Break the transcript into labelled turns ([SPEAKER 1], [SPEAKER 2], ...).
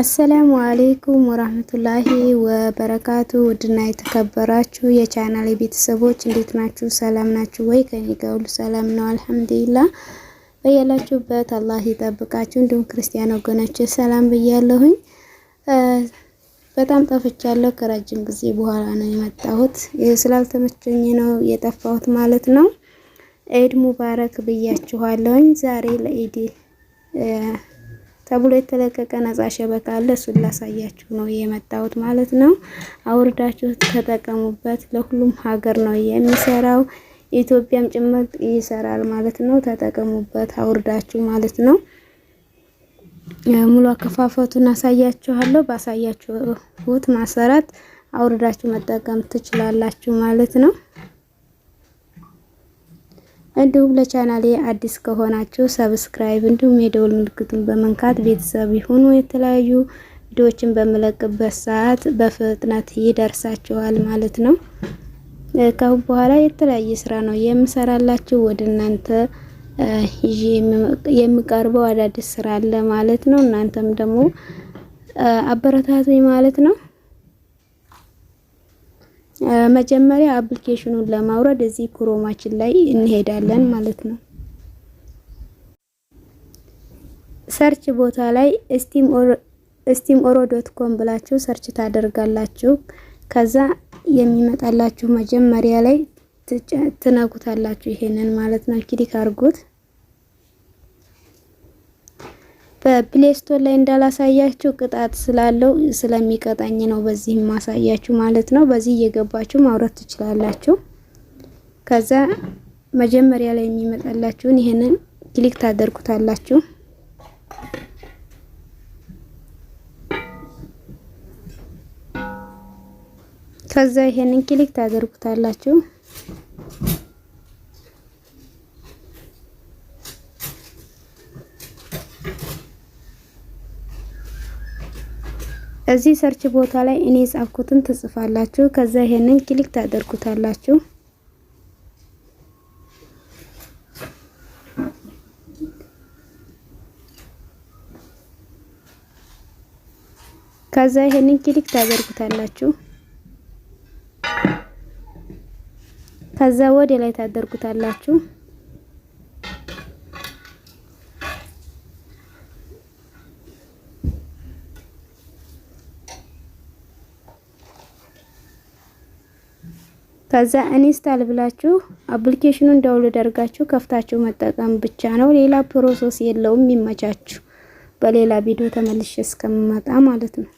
[SPEAKER 1] አሰላሙ አሌይኩም ወራህመቱላሂ ወበረካቱ። ውድና የተከበራችሁ የቻናል ቤተሰቦች እንዴት ናችሁ? ሰላም ናችሁ ወይ? ከኔ ጋር ሁሉ ሰላም ነው አልሐምዱሊላ። በያላችሁበት አላህ ይጠብቃችሁ። እንዲሁም ክርስቲያን ወገኖች ሰላም ብያለሁኝ። በጣም ጠፍቻለሁ። ከረጅም ጊዜ በኋላ ነው የመጣሁት። ስላልተመቸኝ ነው የጠፋሁት ማለት ነው። ኢድ ሙባረክ ብያችኋለሁኝ። ዛሬ ለኢድ ተብሎ የተለቀቀ ነጻ ሸበካ አለ። እሱን ላሳያችሁ ነው የመጣሁት ማለት ነው። አውርዳችሁ ተጠቀሙበት። ለሁሉም ሀገር ነው የሚሰራው፣ ኢትዮጵያም ጭምር ይሰራል ማለት ነው። ተጠቀሙበት አውርዳችሁ ማለት ነው። ሙሉ አከፋፈቱን አሳያችኋለሁ። ባሳያችሁት ማሰራት አውርዳችሁ መጠቀም ትችላላችሁ ማለት ነው። እንዲሁም ለቻናሌ አዲስ ከሆናችሁ ሰብስክራይብ እንዲሁም የደውል ምልክቱን በመንካት ቤተሰብ ይሁኑ። የተለያዩ ቪዲዮዎችን በምለቅበት ሰዓት በፍጥነት ይደርሳችኋል ማለት ነው። ከአሁን በኋላ የተለያየ ስራ ነው የምሰራላችሁ ወደ እናንተ የሚቀርበው የምቀርበው አዳዲስ ስራ አለ ማለት ነው። እናንተም ደግሞ አበረታቱኝ ማለት ነው። መጀመሪያ አፕሊኬሽኑን ለማውረድ እዚህ ክሮማችን ላይ እንሄዳለን ማለት ነው። ሰርች ቦታ ላይ ስቲም ኦሮ ዶት ኮም ብላችሁ ሰርች ታደርጋላችሁ። ከዛ የሚመጣላችሁ መጀመሪያ ላይ ትነኩታላችሁ። ይሄንን ማለት ነው። ክሊክ አድርጉት። በፕሌስቶር ላይ እንዳላሳያችሁ ቅጣት ስላለው ስለሚቀጣኝ ነው። በዚህ ማሳያችሁ ማለት ነው። በዚህ እየገባችሁ ማውራት ትችላላችሁ። ከዛ መጀመሪያ ላይ የሚመጣላችሁን ይሄንን ክሊክ ታደርጉታላችሁ። ከዛ ይሄንን ክሊክ ታደርጉታላችሁ። እዚህ ሰርች ቦታ ላይ እኔ የጻፍኩትን ትጽፋላችሁ። ከዛ ይሄንን ክሊክ ታደርጉታላችሁ። ከዛ ይሄንን ክሊክ ታደርጉታላችሁ። ከዛ ወደ ላይ ታደርጉታላችሁ። ከዛ ኢንስታል ብላችሁ አፕሊኬሽኑን ዳውንሎድ አድርጋችሁ ከፍታችሁ መጠቀም ብቻ ነው። ሌላ ፕሮሰስ የለውም። ይመቻችሁ። በሌላ ቪዲዮ ተመልሼ እስከምመጣ ማለት ነው።